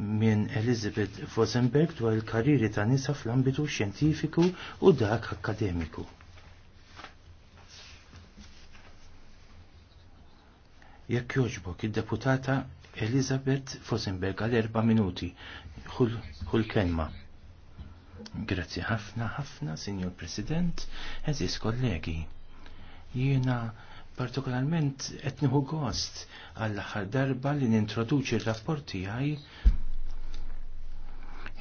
minn Elizabeth Vosenberg dwar il-karriri ta' nisa fl-ambitu xjentifiku u dak akademiku. Jekk joġbok id-deputata Elizabeth Vosenberg għal erba' minuti, kull kelma. Grazzi ħafna ħafna, Sinjor President, eżis kollegi. Jiena partikolarment etniħu gost għall aħħar darba li nintroduċi r-rapporti għaj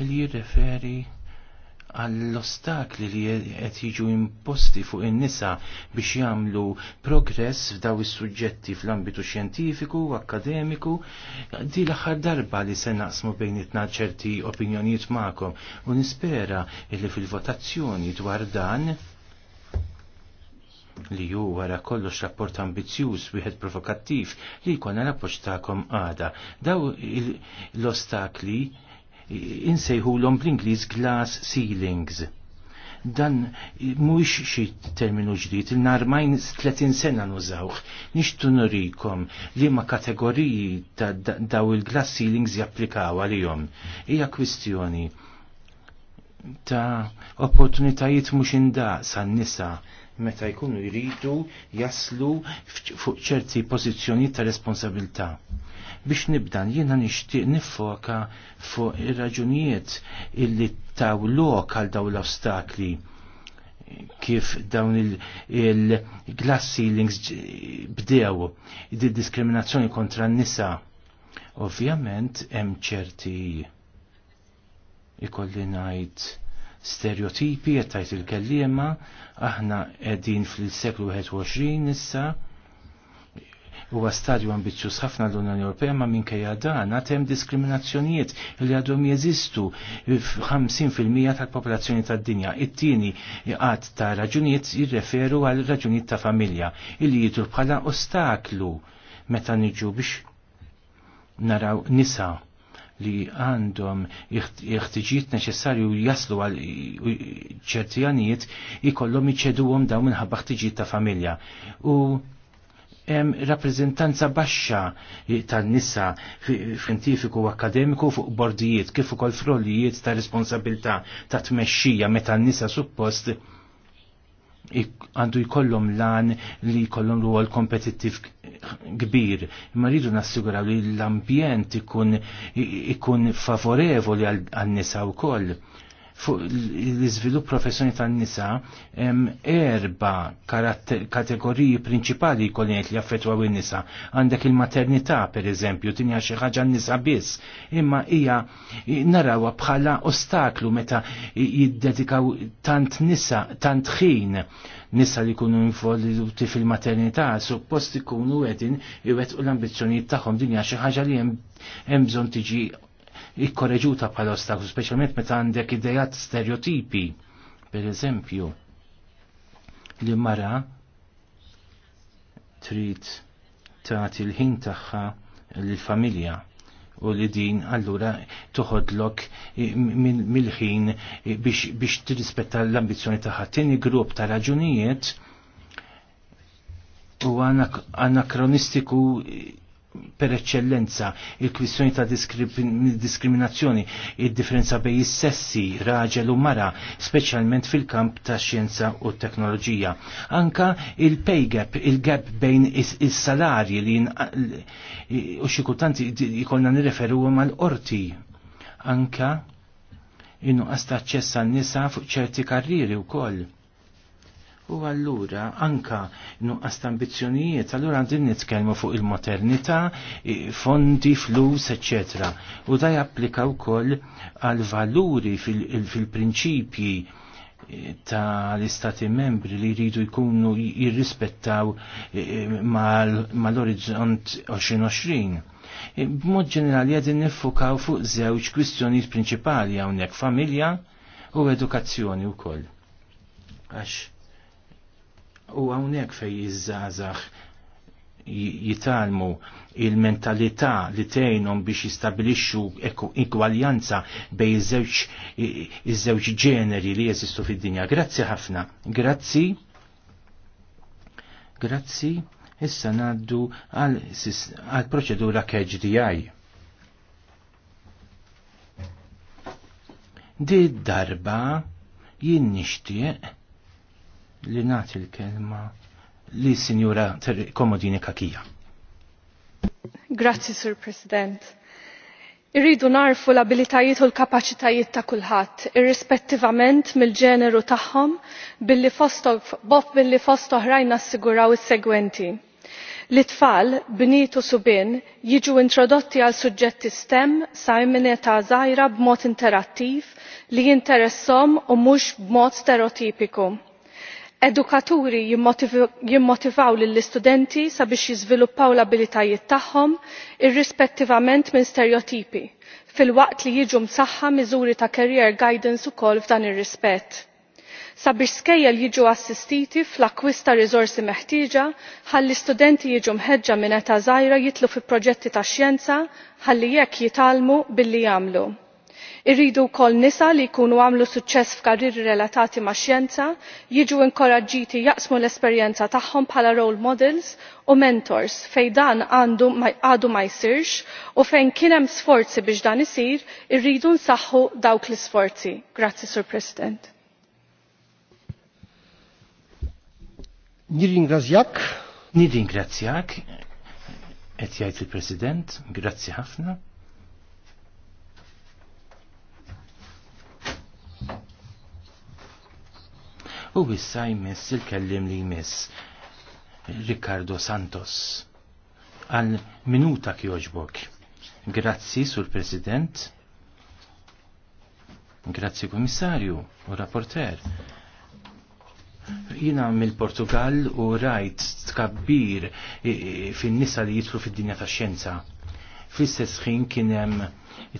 li jirreferi għall-ostakli li qed jiġu imposti fuq in-nisa biex jagħmlu progress f'daw is-suġġetti fl-ambitu xjentifiku u akademiku, di l-aħħar darba li se naqsmu bejn itna ċerti opinjonijiet magħkom u nispera li fil-votazzjoni dwar dan li ju wara kollox rapport ambizjuż wieħed provokattiv li jkollna l-appoġġ tagħkom għada. Daw l-ostakli insejħulhom bl-Ingliż glass ceilings. Dan mhuwiex xi terminu ġdid, il-narmajn 30 sena nużawh. Nixtu nurikom li ma kategoriji ta' daw il-glass ceilings japplikaw għalihom. Hija kwistjoni ta' opportunitajiet mhux indaqs għan-nisa meta jkunu jridu jaslu fuq ċerti pożizzjonijiet ta' responsabilità. Biex nibdan jiena nixtieq nifoka fuq ir-raġunijiet illi taw lokal daw l-ostakli kif dawn il-glass ceilings bdew id diskriminazzjoni kontra n-nisa. Ovvjament hemm ċerti ikolli ngħid stereotipi qed tajt il-kellima, aħna qegħdin fil-seklu 21 nissa, huwa stadju ambizzjuż ħafna l-Unjoni Ewropea ma minkejja dan għad hemm diskriminazzjonijiet li għadhom jeżistu fil-mija tal-popolazzjoni tad-dinja. It-tieni qatt ta' raġunijiet jirreferu għal raġunijiet ta' familja illi jidru bħala ostaklu meta niġu biex naraw nisa' li għandhom iħtiġijiet neċessarju jaslu għal ċerti għanijiet ikollhom iċeduhom dawn minħabba ħtiġijiet ta' familja. U hemm rappreżentanza baxxa tan-nisa xjentifiku u akademiku fuq bordijiet kif ukoll frolijiet ta' responsabilta ta' tmexxija meta n-nisa suppost għandu jkollhom lan li jkollhom ruol kompetittiv kbir. Imma rridu nassiguraw li l-ambjent ikun, ikun favorevoli għan-nisa wkoll fuq l-iżvilupp professjoni tan-nisa hemm erba kategoriji prinċipali jkolli li jaffettwaw in-nisa. Għandek il-maternità pereżempju tinja xi ħaġa n-nisa biss, imma hija narawha bħala ostaklu meta jiddedikaw tant nisa, tant ħin nisa li kunu involuti fil-maternità, suppost ikunu għedin iwet u l ambizjoni tagħhom dinja xi ħaġa li hemm bżonn tiġi ikkoreġuta bħala ostaklu, speċjalment meta għandek idejat stereotipi. Per eżempju, li mara trid tagħti l-ħin tagħha lill-familja u li din allura toħodlok mill-ħin biex, biex tirrispetta l-ambizjoni tagħha. Tieni grupp ta' raġunijiet u anakronistiku per eccellenza il-kwistjoni ta' diskriminazzjoni, il-differenza bej is-sessi, raġel u mara, speċjalment fil-kamp ta' xjenza u teknoloġija. Anka il-pay gap, il-gap bejn is-salarji li u xi kultant jkollna nirreferu mal-qorti. Anka innu għasta ċessa nisa fuq ċerti karriri u koll U allura anka nuqqas ta' ambizzjonijiet, allura għandin nitkellmu fuq il-modernità, fondi, flus, etc. U da japplika wkoll għal valuri fil-prinċipji fil e, prinċipji tal istati membri li jridu jkunu jirrispettaw e, e, mal-orizzont 2020. B'mod ġenerali għedin nifukaw fuq żewġ kwistjonijiet prinċipali hawnhekk familja u edukazzjoni wkoll. Għax u għawnek fej jizzazax jitalmu il-mentalità li tejnum biex jistabilixxu igwaljanza bej iż-żewġ ġeneri li jeżistu fid-dinja. Grazzi ħafna. Grazzi. Grazzi. Issa ngħaddu għal proċedura KHDI. Di darba jien nixtieq li nagħti l-kelma li Signora Komodini Kakija. Grazzi, Sur President. Irridu narfu l-abilitajiet u l-kapacitajiet ta' kulħadd, irrispettivament mill-ġeneru tagħhom billi bof billi fost oħrajn nassiguraw is-segwenti. l itfall bniet u subien jiġu introdotti għal suġġetti STEM sa' ta' żgħira b'mod interattiv li jinteressom u mhux b'mod stereotipiku edukaturi jimmotivaw lill-istudenti sabiex jiżviluppaw l-abilitajiet tagħhom irrispettivament minn stereotipi filwaqt li jiġu msaħħa miżuri ta' career guidance ukoll f'dan ir-rispett sabiex skejjel jiġu assistiti fl akkwista riżorsi meħtieġa ħalli studenti jiġu mħeġġa minn età żgħira jidħlu fi proġetti tax-xjenza ħalli jekk jitgħallmu billi jagħmlu irridu wkoll nisa li jkunu għamlu suċċess f'karriri relatati max-xjenza jiġu inkoraġġiti jaqsmu l-esperjenza tagħhom bħala role models u mentors fejn dan għadu ma jsirx u fejn kien hemm sforzi biex dan isir irridu nsaħħu dawk l-isforzi. Grazzi, Sur President. Nirringrazzjak. Nirringrazzjak. qed jgħid il-President, grazzi ħafna. U issa jmiss il-kellim li jmiss Riccardo Santos. Għal minuta kjoġbok. Grazzi sur President. Grazzi Komissarju u Rapporter. Jina mill-Portugal u rajt tkabbir fin-nisa li jitlu fid-dinja tax xjenza. Fl-istess ħin kien hemm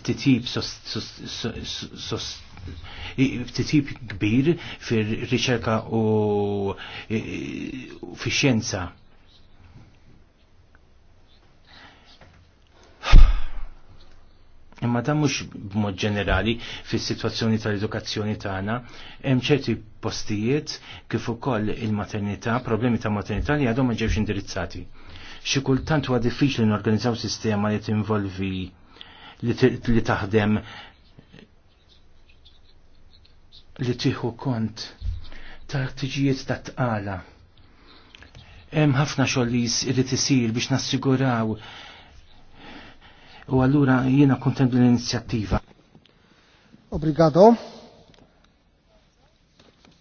titjib sost ftitib kbir fir-riċerka u fix-xjenza. Imma dan mhux b'mod ġenerali fis-sitwazzjoni tal-edukazzjoni tagħna, hemm ċerti postijiet kif ukoll il-maternità, problemi ta' maternità li għadhom ma ġewx indirizzati. Xi kultant huwa diffiċli norganizzaw sistema li tinvolvi li taħdem li tieħu kont ta' ħtiġijiet ta' tqala. Hemm ħafna xollis li tisir biex nassiguraw u allura jiena kontent l-inizjattiva. Obrigado.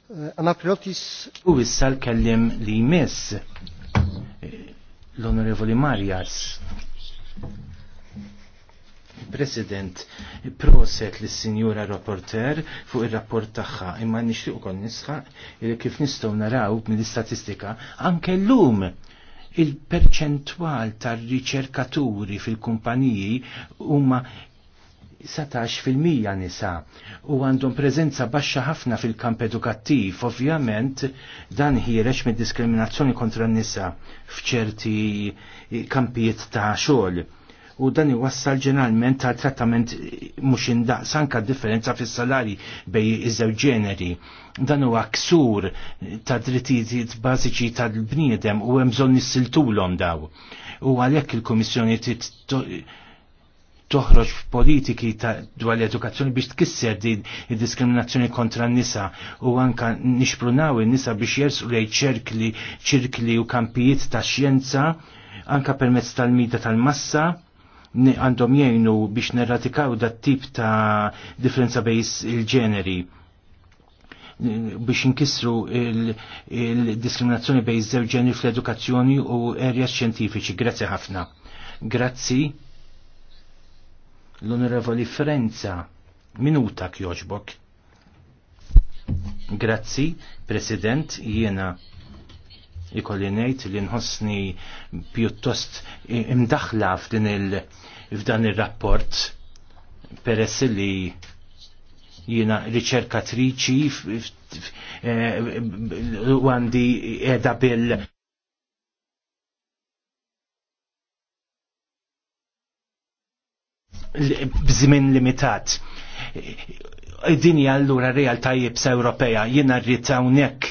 Eh, Pilotis. U issa l-kellim li jmess eh, l-Onorevoli Marjas. President, proset li sinjura rapporter fuq il-rapport tagħha, imma nixtieq ukoll nisħa li kif nistgħu naraw mill-istatistika anke llum il-perċentwal tar-riċerkaturi fil-kumpaniji huma 17% nisa u għandhom prezenza baxxa ħafna fil-kamp edukattiv, ovvjament dan ħireċ mid diskriminazzjoni kontra n-nisa fċerti kampijiet ta' xogħol u dan iwassal ġeneralment għal trattament mhux indaqs anke differenza fis-salari bej iż-żewġ ġeneri. Dan huwa ksur ta' drittijiet bażiċi tal-bniedem u hemm bżonn nissiltulhom daw. U għalhekk il-Kummissjoni toħroġ politiki ta' dwar l-edukazzjoni biex tkisser din id-diskriminazzjoni kontra n-nisa u anka nixprunaw n nisa biex jersu lejn ċerkli, ċirkli u kampijiet ta' xjenza anka permezz tal-mida tal-massa għandhom jgħinu biex neratikaw dat tip ta' differenza bejs il-ġeneri biex inkissru il-diskriminazzjoni il bejn żewġ ġeneri fl-edukazzjoni u erjas xjentifiċi. Grazzi ħafna. Grazzi l-Onorevoli Ferenza. Minuta kjoġbok. Grazzi, President, jiena ikolli ngħid li nħossni pjuttost imdaħla f'din il f'dan ir-rapport peress li jiena riċerkatriċi eh, eh, għandi edha bil bżimin limitat. Dinja allura realtà jibsa Ewropea, jiena rrit hawnhekk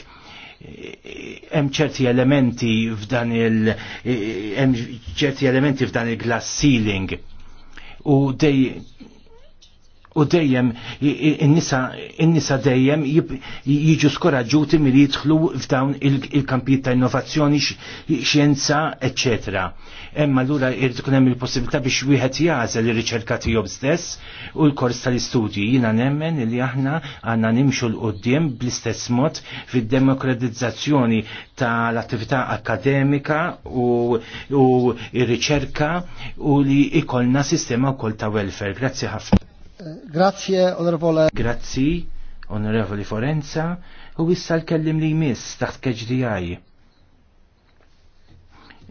hemm ċerti elementi f'dan il hemm ċerti elementi f'dan il glass ceiling u dej u dejjem in-nisa dejjem jiġu skoraġġuti milli jidħlu f'dawn il-kampijiet ta' innovazzjoni, xjenza, etc. Emma allura irid ikun hemm il-possibilità biex wieħed jażel ir-riċerka tiegħu stess u l-kors tal-istudji. Jiena nemmen li aħna għandna nimxu l-qudiem bl-istess mod fid-demokratizzazzjoni tal-attività akademika u, r ir-riċerka u li ikolna sistema wkoll ta' welfare. Grazzi ħafna. Grazie, onorevole. Grazzi, onorevoli Forenza, u issa l-kellim li jmiss taħt KGDI.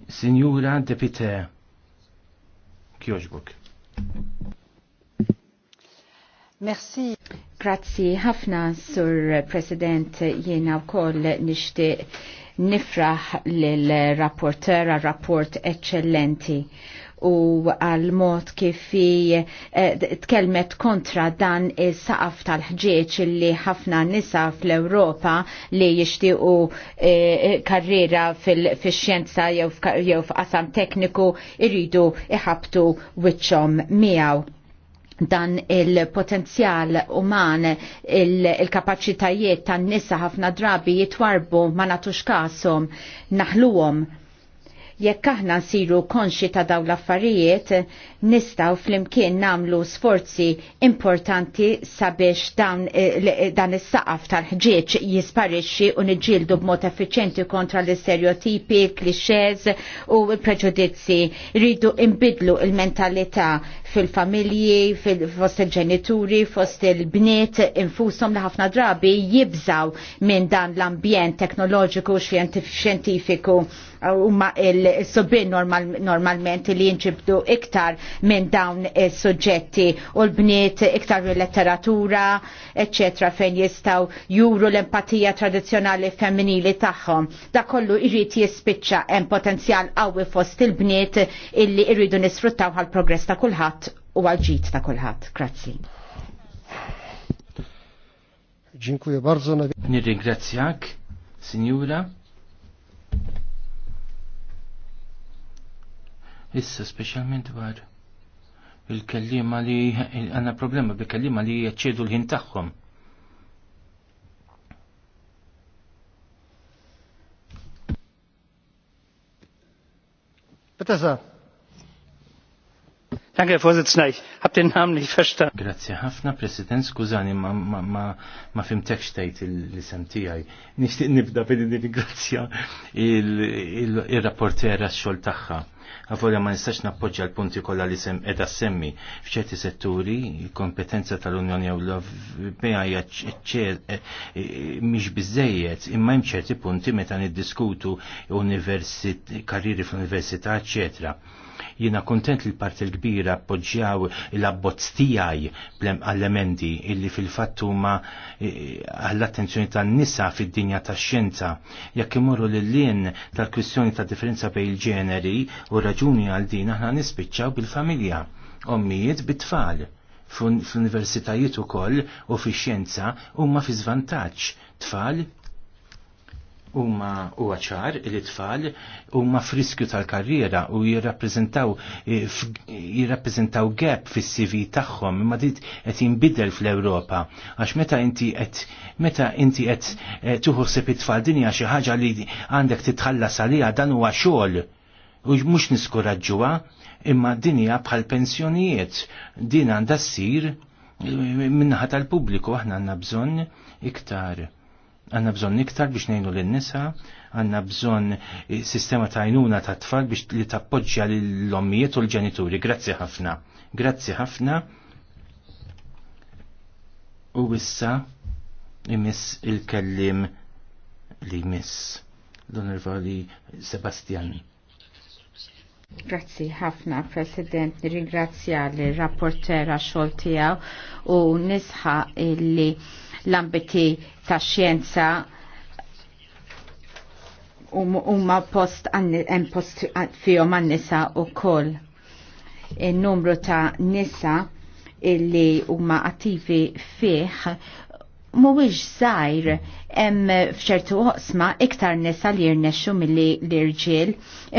Signora Depite Kjoġbuk. Merci. Grazzi ħafna, Sur President, jiena koll nixtieq nifraħ lill rapporteur rapport eccellenti u għal mod kif eh, tkellmet kontra dan is-saqaf tal-ħġieġ li ħafna nisa fl-Ewropa li jixtiequ eh, karriera fil-xjenza jew f'qasam tekniku jridu iħabtu wiċċhom miegħu dan il-potenzjal uman, il-kapacitajiet tan nisa ħafna drabi jitwarbu ma natux kasom, naħluhom Jekk aħna nsiru konxi ta' daw l-affarijiet, nistaw flimkien namlu sforzi importanti sabiex dan, eh, eh, dan is-saqaf tal-ħġieġ jisparixxi u niġġieldu b'mod effiċenti kontra l-istereotipi, klixxez u l-preġudizzi. Ridu imbidlu il-mentalità fil-familji, fil-fost il-ġenituri, fost il-bniet, infusom li ħafna drabi jibżaw minn dan l-ambjent teknoloġiku u xjentifiku huma uh, il-sobbin normalment li jinġibdu iktar minn dawn is-suġġetti u l-bniet iktar letteratura, eċċetra fejn jistgħu juru l-empatija tradizzjonali femminili tagħhom. Da kollu jrid jispiċċa hemm potenzjal qawwi fost il-bniet illi jridu nisfruttaw għal progress ta' kulħadd u għal ġid ta' kulħadd. Grazzi. Dziękuję bardzo. Nirringrazzjak, signora. Issa speċjalment dwar il-kellima li għanna problema bil-kellima li jaċċedu l-ħin tagħhom. Bitte Danke, Herr Vorsitzender. Ich habe den Namen nicht verstanden. Grazie ħafna, President. Skużani, ma, ma, ma, ma fimtek xtejt l-isem tijaj. Nishtiq nibda billi ringrazzja il-rapportera il, il, il, il, il, il, il, il, il, il, Għavolja ma nistax nappoġġa l-punti kollha li sem edha semmi f'ċerti setturi, kompetenza tal-Unjoni Ewropea hija eh, eh, mhix biżejjed, imma hemm ċerti punti meta niddiskutu karriri fl-università, eċetera Jiena kontent li l-parti l-kbira appoġġjaw l-abbozz tiegħi għall-elementi illi fil-fatt huma eh, għall-attenzjoni tan-nisa fid-dinja tax-xjenza. Jekk imorru lil-lien tal-kwistjoni ta' differenza bejn il-ġeneri u raġuni għal din aħna nispiċċaw bil-familja, ommijiet bit-tfal fl-universitajiet ukoll u fix-xjenza huma fi żvantaġġ tfal huma huwa ċar il-tfal huma friskju tal-karriera u jirrappreżentaw eh, jirrappreżentaw gap fis-CV tagħhom imma dit qed jinbidel fl-Ewropa għax meta inti qed meta inti qed eh, tuħossib it-tfal dinja xi ħaġa li għandek titħallas għaliha dan huwa xogħol u mhux niskoraġġuha imma dinja bħal pensjonijiet din għandha ssir eh, minnaħa tal-pubbliku aħna għandna bżonn iktar Għanna bżon niktar biex nejnu l-nisa, għanna bżon eh, sistema ta' għajnuna ta' tfal biex li tappoġġja l-ommijiet u l-ġenituri. Grazzi ħafna. Grazzi ħafna. U issa imiss il-kellim li miss l-onorvali Sebastian. Grazzi ħafna, President, nirringrazzja l-rapportera xoltijaw u nisħa illi l-ambiti ta' xjenza huma um, post għan post fihom għan-nisa wkoll. In-numru e, ta' nisa illi huma attivi fih mhuwiex żgħir hemm f'ċertu oqsma iktar nisa li jirnexxu milli l-irġiel,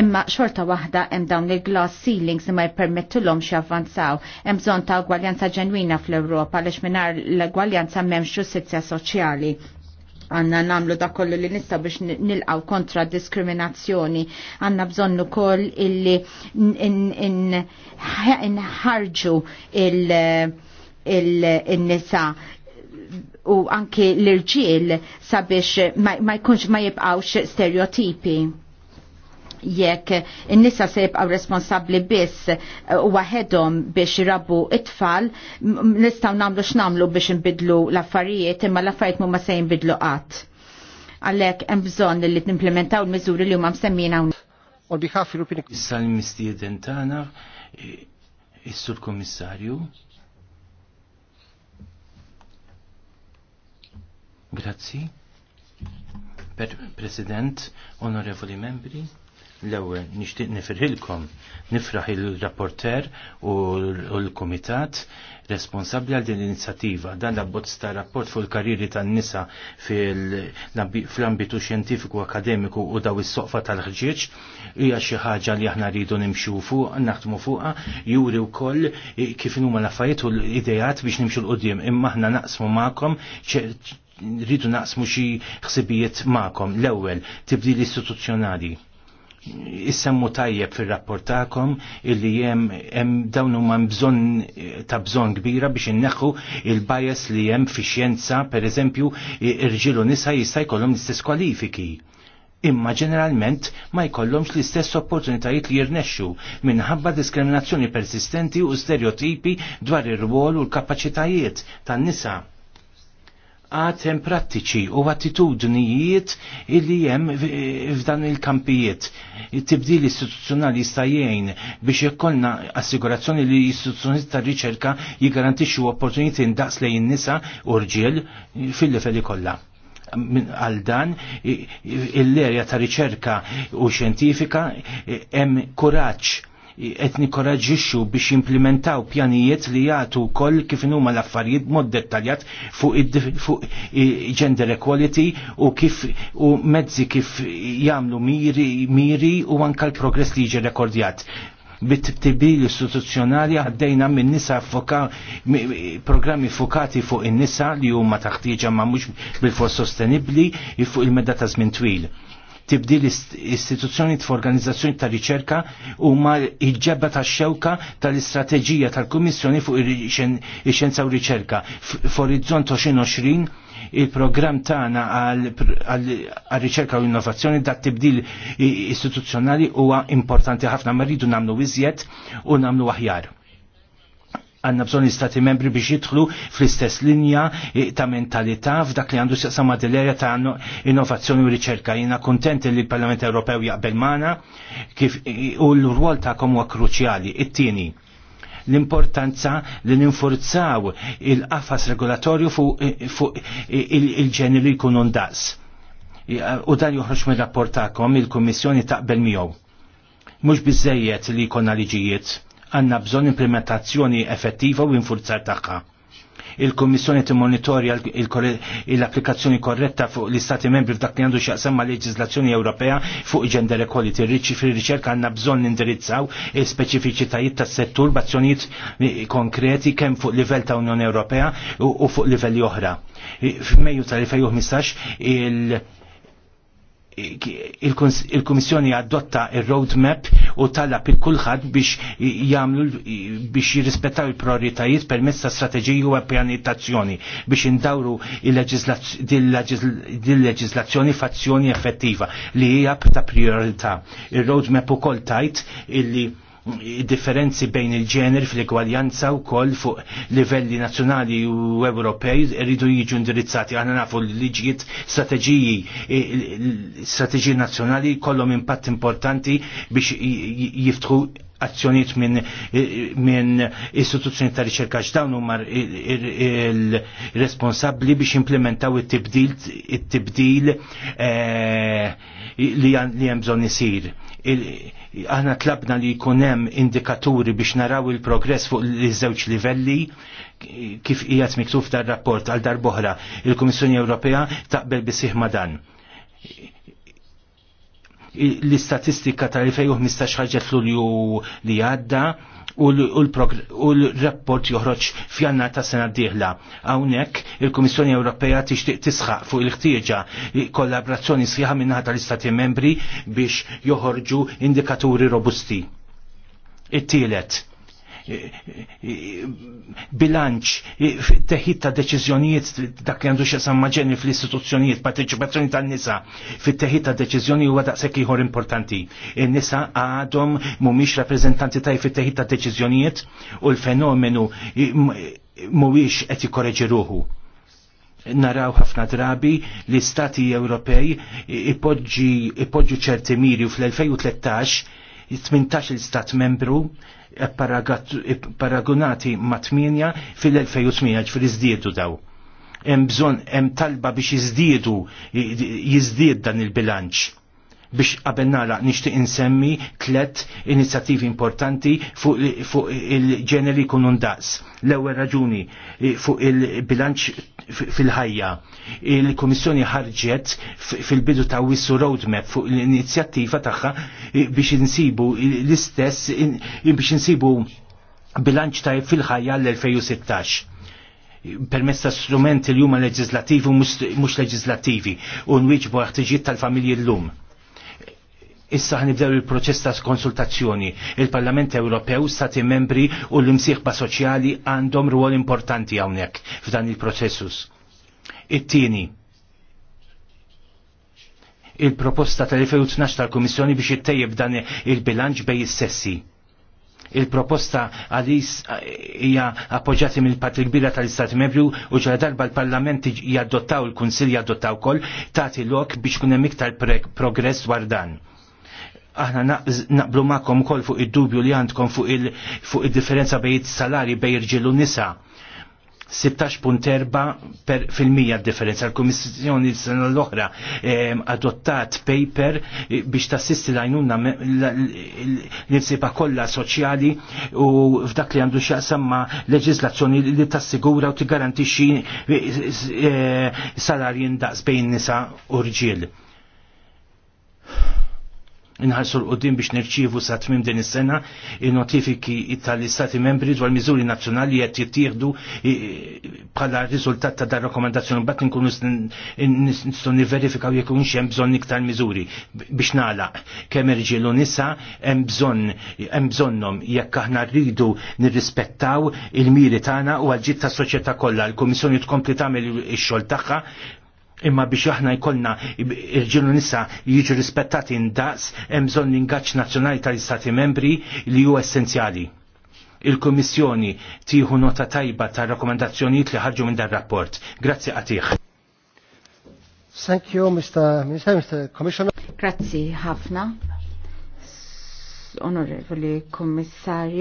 imma xorta waħda hemm dawn il-glass ceilings li ma jippermettulhomx avvanzaw. Hemm bżonn ta' gwaljanza ġenwina fl-Ewropa għaliex mingħajr l-gwaljanza m'hemmx ġustizzja soċjali għanna namlu da kollu li nistaw biex nilqaw kontra diskriminazzjoni għanna bżonnu koll illi nħarġu il-nisa u anki l-irġiel sabiex ma jkunx ma jibqawx stereotipi jekk in-nisa se jibqgħu responsabbli biss uh, u waħedhom biex jrabu it-tfal, nistgħu nagħmlu x'namlu biex inbidlu l-affarijiet imma l-affarijiet mhuma se jinbidlu qatt. Għalhekk hemm bżonn li timplementaw l-miżuri li huma msemmin hawn. Issa l-mistieden tagħna is-Sur Kummissarju Grazzi. Per President, onorevoli membri, l-ewwel nixtieq nifirħilkom nifraħ il-rapporter u l-kumitat responsabbli għal din l-inizjattiva. Dan l-abbozz ta' rapport fuq il-karriri tan-nisa fl-ambitu xjentifiku akademiku u daw is-soqfa tal-ħġieġ hija xi ħaġa li aħna rridu nimxu fuq, naħdmu fuqha, juri wkoll kif huma l-affarijiet u l-idejat biex nimxu l-qudiem. Imma aħna naqsmu magħkom rridu naqsmu xi ħsibijiet magħkom. L-ewwel tibdil istituzzjonali issemmu tajjeb fil-rapportakom illi jem, jem dawn huma bżon ta' bżon kbira biex inneħħu il-bajes li jem fi xjenza, per eżempju, irġilu nisa jista' jkollhom l-istess kwalifiki. Imma ġeneralment ma jkollhomx l-istess opportunitajiet li jirnexxu minħabba diskriminazzjoni persistenti u stereotipi dwar ir-rwol u l-kapaċitajiet tan-nisa għatem prattiċi u attitudnijiet illi jem f'dan il-kampijiet. Il-tibdil istituzzjonali jistajjen biex jekkolna assigurazzjoni li istituzzjoni ta' riċerka jigarantixxu opportuniti indaqs lejn nisa u rġiel fil-lefeli kollha għal dan l lerja ta' riċerka u xjentifika hemm e, kuraġġ qed korraġiċu biex jimplementaw pjanijiet li jagħtu wkoll kif huma l-affarijiet mod dettaljat fuq fu gender equality u kif u mezzi kif jagħmlu miri miri u anke l-progress li jiġi rekordjat bit tibil istituzzjonali għaddejna minn nisa foka, programmi fokati fuq in-nisa li huma taħtieġa ma mhux bil-fors sostenibbli fuq il-medda ta' żmien twil tibdil istituzzjoni f'organizzazzjoni ta' riċerka u ma iġġebba ta' xewka tal-istrateġija tal-Kummissjoni fuq ix-xjenza u riċerka. F'orizzont 2020 il-programm tagħna għal riċerka u innovazzjoni dat tibdil istituzzjonali huwa importanti ħafna ma rridu nagħmlu iżjed u nagħmlu aħjar għanna bżon l-istati membri biex jidħlu fl-istess linja eh, ta' mentalità f'dak li għandu s-sama dil-erja ta' innovazzjoni u riċerka. Jina kontent li l-Parlament Ewropew jaqbel mana kif eh, u l-rwol ta' komu kruċjali. It-tieni, l-importanza li ninforzaw il-qafas regolatorju fuq eh, il-ġeni li jkunu ndaqs. U dan joħroġ mir-rapportakom il-Kummissjoni taqbel miegħu. Mhux biżejjed li jkollna liġijiet għanna bżon implementazzjoni effettiva u infurzar tagħha. Il-Kommissjoni timmonitorja l-applikazzjoni korretta fuq l-Istati membri f'dak li għandu x'jaqsam ma' leġiżlazzjoni Ewropea fuq gender equality. Riċi fir-riċerka għandna bżonn nindirizzaw il-speċifiċitajiet tas-settur b'azzjonijiet konkreti kemm fuq livell ta' Unjoni Ewropea u fuq livelli oħra. F'Mejju tal-2015 il- il-Komissjoni adotta il-roadmap u talab il-kulħadd biex jagħmlu biex jirrispettaw il-prioritajiet permezz ta' strateġiji u pjanitazzjoni biex indawru il-leġislazzjoni fazzjoni effettiva li hija ta' priorità. Il-roadmap ukoll tajt illi differenzi bejn il-ġener fil-egwaljanza u koll fuq livelli nazzjonali u Ewropej rridu jiġu indirizzati. Għana nafu l-liġijiet strateġiji, e, strateġiji nazzjonali kollhom impatt importanti biex jiftħu azzjoniet minn eh, min istituzzjoni ta' riċerka x'dawn huma responsabbli biex implementaw it-tibdil it-tibdil eh, li hemm bżonn isir. Aħna tlabna li jkun hemm indikaturi biex naraw il-progress fuq iż-żewġ livelli kif hija miktuf dar-rapport għal darboħra. Il-Kummissjoni Ewropea taqbel bisih madan. dan l-istatistika tal-2015 ħarġet l li għadda u l-rapport joħroġ fjanna ta' sena d-dieħla. Hawnhekk il-Kummissjoni Ewropea tixtieq tisħaq fuq il-ħtieġa kollaborazzjoni sħiħa minnaħa tal-Istati membri biex joħorġu indikaturi robusti. It-tielet, bilanċ teħid ta' deċiżjonijiet dak li għandu samma ġenni fl-istituzzjonijiet parteċipazzjoni tan-nisa fit-teħid ta' deċiżjoni huwa daqshekk ieħor importanti. In-nisa għadhom mhumiex rappreżentanti taj fit-teħid ta' deċiżjonijiet u l-fenomenu mhuwiex qed jikkoreġi ruħu naraw ħafna drabi li stati Ewropej ipoġġu ċerti miri u fl-2013 18 l-stat membru paragonati ma' fil-2008 fil iżdiedu daw. Hemm bżonn hemm talba biex iżdiedu jiżdied dan il-bilanċ biex qabel nagħlaq nixtieq insemmi tlet inizjattivi importanti fuq il-ġeneri kun ndaqs. L-ewwel raġuni fuq il-bilanċ fil-ħajja. Il-Komissjoni ħarġet fil-bidu ta' wissu roadmap fuq l-inizjattiva tagħha biex insibu l-istess biex insibu bilanċ ta' fil-ħajja l-2016 permess ta' strumenti li huma leġizlativi u mhux leġizlativi u nwieġbu ħtiġijiet tal-familji llum. Issa ħnibdew il-proċess ta' konsultazzjoni. Il-Parlament Ewropew, stati membri u l-imsieħba soċjali għandhom ruol importanti hawnhekk f'dan il-proċessus. It-tieni, il-proposta tal-2012 tal-Komissjoni biex ittejjeb dan il-bilanċ bej is-sessi. Il-proposta għalis hija appoġġjati mill-Patri Kbira tal-Istati Membri u ġara darba l-Parlament jaddottaw il-Kunsill jaddottaw kol tagħti lok biex kun hemm iktar progress dwar dan aħna naqblu ma'kom kol fuq id-dubju li għandkom fuq il-differenza bej salari bej irġilu nisa. 16.4 fil-mija differenza. L-Komissjoni s-sena l-oħra ehm, adottat paper eh, biex tassisti lajnuna l-insiba kolla soċjali u f'dak li għandu xaqsamma leġislazzjoni leġizlazzjoni li tassigura u t-garantixi eh, salarji ndaqs bejn nisa u rġil inħarsu l-qoddim biex nerċivu sa' tmim din is-sena il-notifiki tal-Istati membri dwar miżuri nazzjonali qed jittieħdu bħala riżultat ta' dar rakkomandazzjoni mbagħad inkunu nistgħu niverifikaw jekk hawnx hemm bżonn iktar miżuri biex nagħlaq kemm irġiel u nisa hemm bżonn hemm bżonnhom jekk aħna rridu nirrispettaw il-miri tagħna u għal ġid tas-soċjetà kollha. l kummissjoni tkompli tagħmel ix-xogħol tagħha imma biex aħna jkollna irġilu nisa li jiġu rispettati ndaqs hemm bżonn l-ingaġġ nazzjonali tal-Istati membri li ju essenzjali. Il-Kummissjoni tieħu nota tajba tar rakkomandazzjonijiet li ħarġu minn dar rapport. Grazzi qatih. Thank you, Mr. Minister, Mr. Commissioner. Grazzi ħafna. Onorevoli Kommissarju.